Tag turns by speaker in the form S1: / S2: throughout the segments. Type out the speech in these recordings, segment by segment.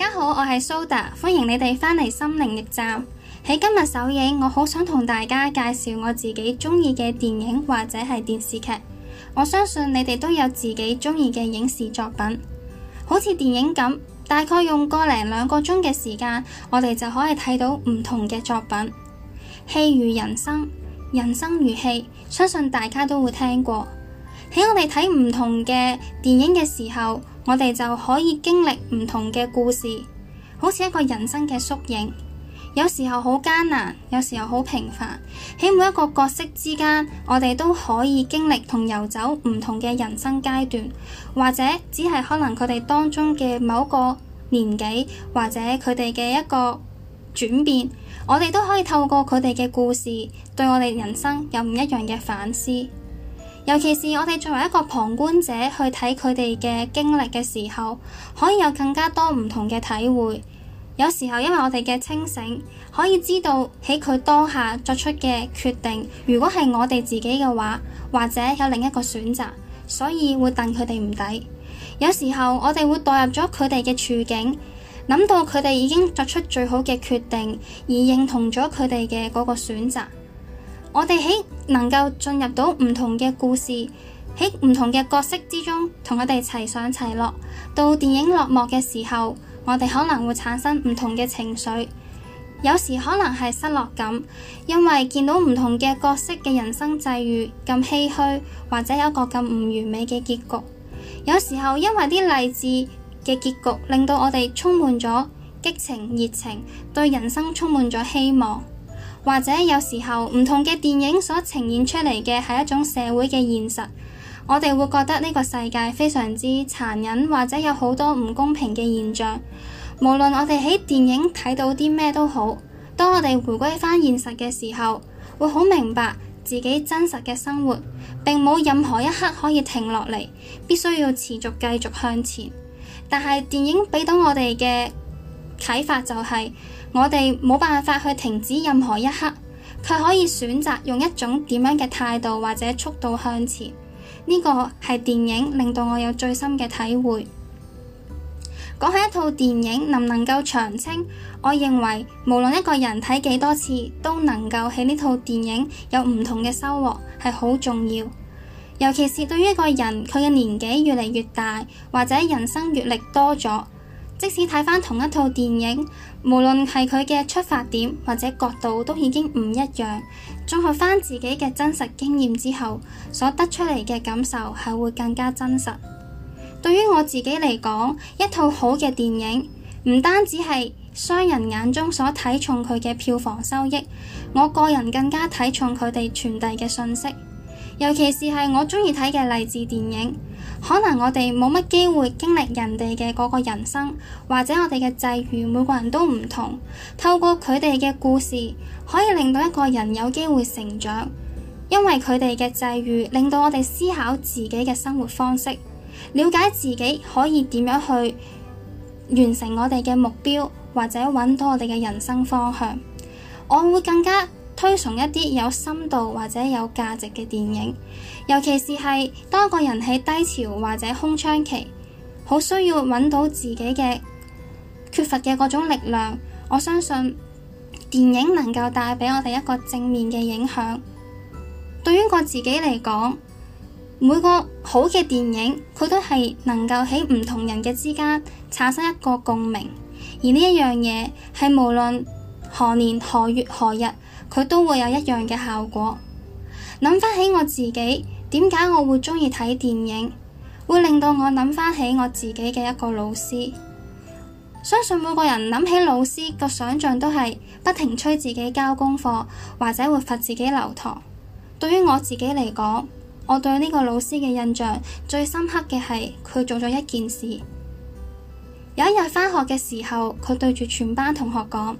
S1: 大家好，我係蘇達，歡迎你哋返嚟心靈驛站。喺今日搜影，我好想同大家介紹我自己鍾意嘅電影或者係電視劇。我相信你哋都有自己鍾意嘅影視作品，好似電影咁，大概用個零兩個鐘嘅時、時間，我哋就可以睇到唔同嘅作品。戲如人生，人生如戲，相信大家都會聽過。喺我哋睇唔同嘅電影嘅時候。我哋就可以經歷唔同嘅故事，好似一個人生嘅縮影。有時候好艱難，有時候好平凡。喺每一個角色之間，我哋都可以經歷同遊走唔同嘅人生階段，或者只係可能佢哋當中嘅某個年紀，或者佢哋嘅一個轉變，我哋都可以透過佢哋嘅故事，對我哋人生有唔一樣嘅反思。尤其是我哋作為一個旁觀者去睇佢哋嘅經歷嘅時候，可以有更加多唔同嘅體會。有時候因為我哋嘅清醒，可以知道喺佢當下作出嘅決定，如果係我哋自己嘅話，或者有另一個選擇，所以會戥佢哋唔抵。有時候我哋會代入咗佢哋嘅處境，諗到佢哋已經作出最好嘅決定，而認同咗佢哋嘅嗰個選擇。我哋喺能夠進入到唔同嘅故事，喺唔同嘅角色之中，同我哋齊上齊落。到電影落幕嘅時候，我哋可能會產生唔同嘅情緒。有時可能係失落感，因為見到唔同嘅角色嘅人生際遇咁唏噓，或者有個咁唔完美嘅結局。有時候因為啲勵志嘅結局，令到我哋充滿咗激情、熱情，對人生充滿咗希望。或者有時候唔同嘅電影所呈現出嚟嘅係一種社會嘅現實，我哋會覺得呢個世界非常之殘忍，或者有好多唔公平嘅現象。無論我哋喺電影睇到啲咩都好，當我哋回歸翻現實嘅時候，會好明白自己真實嘅生活，並冇任何一刻可以停落嚟，必須要持續繼續向前。但係電影俾到我哋嘅啟發就係、是。我哋冇辦法去停止任何一刻，佢可以選擇用一種點樣嘅態度或者速度向前。呢個係電影令到我有最深嘅體會。講起一套電影能唔能夠長青，我認為無論一個人睇幾多次，都能夠喺呢套電影有唔同嘅收穫，係好重要。尤其是對於一個人，佢嘅年紀越嚟越大，或者人生閱歷多咗。即使睇返同一套電影，無論係佢嘅出發點或者角度都已經唔一樣。綜合返自己嘅真實經驗之後，所得出嚟嘅感受係會更加真實。對於我自己嚟講，一套好嘅電影唔單止係商人眼中所睇重佢嘅票房收益，我個人更加睇重佢哋傳遞嘅信息，尤其是係我鍾意睇嘅勵志電影。可能我哋冇乜機會經歷人哋嘅嗰個人生，或者我哋嘅際遇每個人都唔同。透過佢哋嘅故事，可以令到一個人有機會成長，因為佢哋嘅際遇令到我哋思考自己嘅生活方式，了解自己可以點樣去完成我哋嘅目標，或者搵到我哋嘅人生方向，我會更加推崇一啲有深度或者有價值嘅電影，尤其是係當一個人喺低潮或者空窗期，好需要揾到自己嘅缺乏嘅嗰種力量。我相信電影能夠帶俾我哋一個正面嘅影響。對於我自己嚟講，每個好嘅電影佢都係能夠喺唔同人嘅之間產生一個共鳴，而呢一樣嘢，係無論何年何月何日，佢都會有一樣嘅效果。諗翻起我自己，點解我會鍾意睇電影，會令到我諗翻起我自己嘅一個老師。相信每個人諗起老師個想像都係不停催自己交功課，或者會罰自己留堂。對於我自己嚟講，我對呢個老師嘅印象最深刻嘅係佢做咗一件事。有一日翻學嘅時候，佢對住全班同學講：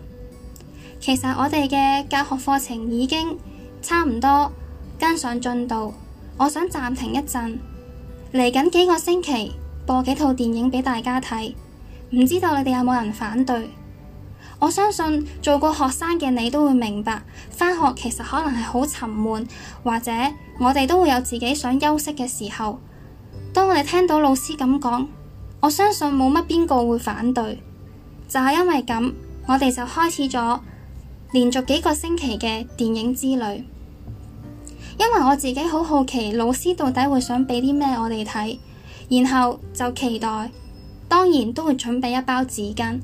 S1: 其實我哋嘅教學課程已經差唔多跟上進度，我想暫停一陣嚟緊幾個星期播幾套電影畀大家睇，唔知道你哋有冇人反對？我相信做過學生嘅你都會明白，返學其實可能係好沉悶，或者我哋都會有自己想休息嘅時候。當我哋聽到老師咁講，我相信冇乜邊個會反對，就係因為咁，我哋就開始咗，連續幾個星期嘅電影之旅，因為我自己好好奇老師到底會想畀啲咩我哋睇，然後就期待。當然都會準備一包紙巾，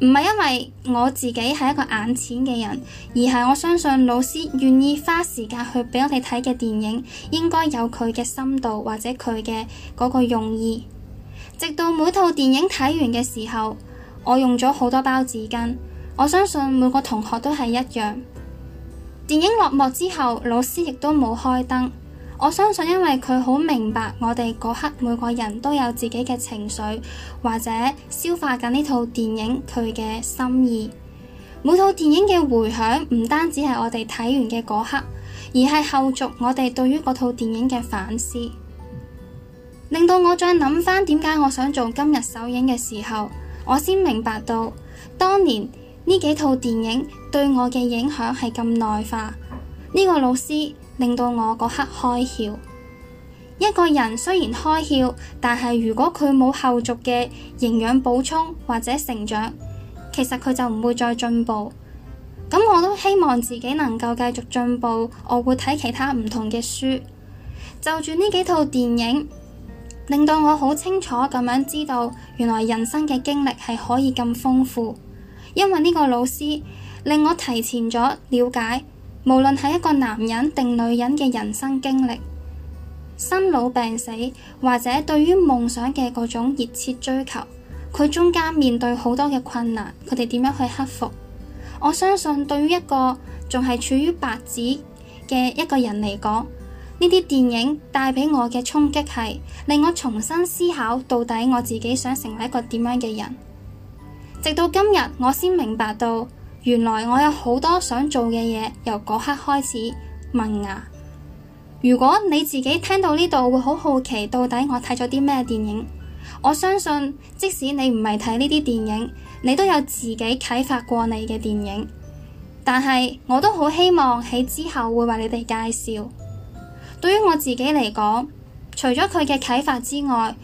S1: 唔係因為我自己係一個眼淺嘅人，而係我相信老師願意花時間去畀我哋睇嘅電影，應該有佢嘅深度或者佢嘅嗰個用意。直到每套電影睇完嘅時候，我用咗好多包紙巾。我相信每個同學都係一樣。電影落幕之後，老師亦都冇開燈。我相信，因為佢好明白我哋嗰刻每個人都有自己嘅情緒，或者消化緊呢套電影佢嘅心意。每套電影嘅回響唔單止係我哋睇完嘅嗰刻，而係後續我哋對於嗰套電影嘅反思，令到我再諗返點解我想做今日搜影嘅時候，我先明白到當年。呢幾套電影對我嘅影響係咁內化。呢個老師令到我嗰刻開竅。一個人雖然開竅，但係如果佢冇後續嘅營養補充或者成長，其實佢就唔會再進步。咁我都希望自己能夠繼續進步。我會睇其他唔同嘅書。就住呢幾套電影，令到我好清楚咁樣知道，原來人生嘅經歷係可以咁豐富。因為呢個老師令我提前咗了解，無論係一個男人定女人嘅人生經歷，生老病死或者對於夢想嘅嗰種熱切追求，佢中間面對好多嘅困難，佢哋點樣去克服？我相信對於一個仲係處於白紙嘅一個人嚟講，呢啲電影帶畀我嘅衝擊係令我重新思考，到底我自己想成為一個點樣嘅人。直到今日，我先明白到，原來我有好多想做嘅嘢。由嗰刻開始，萌芽，如果你自己聽到呢度會好好奇，到底我睇咗啲咩電影？我相信，即使你唔係睇呢啲電影，你都有自己啟發過你嘅電影。但係，我都好希望喺之後會為你哋介紹。對於我自己嚟講，除咗佢嘅啟發之外，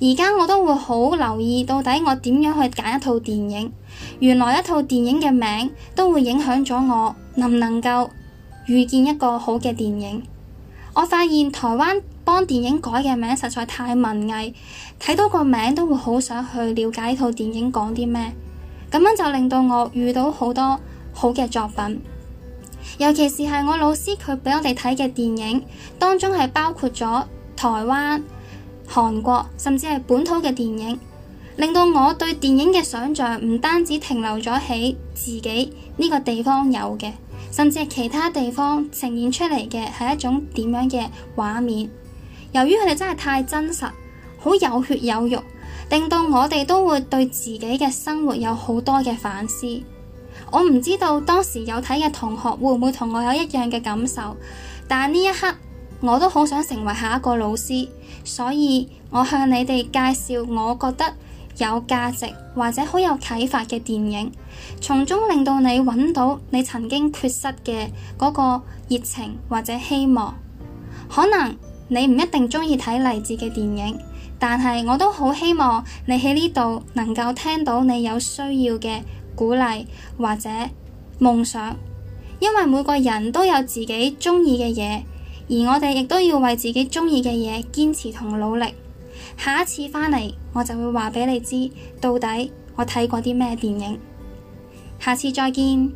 S1: 而家我都會好留意到底我點樣去揀一套電影。原來一套電影嘅名都會影響咗我能唔能夠遇見一個好嘅電影。我發現台灣幫電影改嘅名實在太文藝，睇到個名都會好想去了解套電影講啲咩，咁樣就令到我遇到好多好嘅作品。尤其是係我老師佢畀我哋睇嘅電影當中係包括咗台灣。韓國甚至係本土嘅電影，令到我對電影嘅想象唔單止停留咗喺自己呢個地方有嘅，甚至係其他地方呈現出嚟嘅係一種點樣嘅畫面。由於佢哋真係太真實，好有血有肉，令到我哋都會對自己嘅生活有好多嘅反思。我唔知道當時有睇嘅同學會唔會同我有一樣嘅感受，但係呢一刻我都好想成為下一個老師。所以我向你哋介紹我覺得有價值或者好有啟發嘅電影，從中令到你揾到你曾經缺失嘅嗰個熱情或者希望。可能你唔一定鍾意睇勵志嘅電影，但係我都好希望你喺呢度能夠聽到你有需要嘅鼓勵或者夢想，因為每個人都有自己鍾意嘅嘢。而我哋亦都要為自己鍾意嘅嘢堅持同努力。下一次返嚟，我就會話俾你知，到底我睇過啲咩電影。下次再見。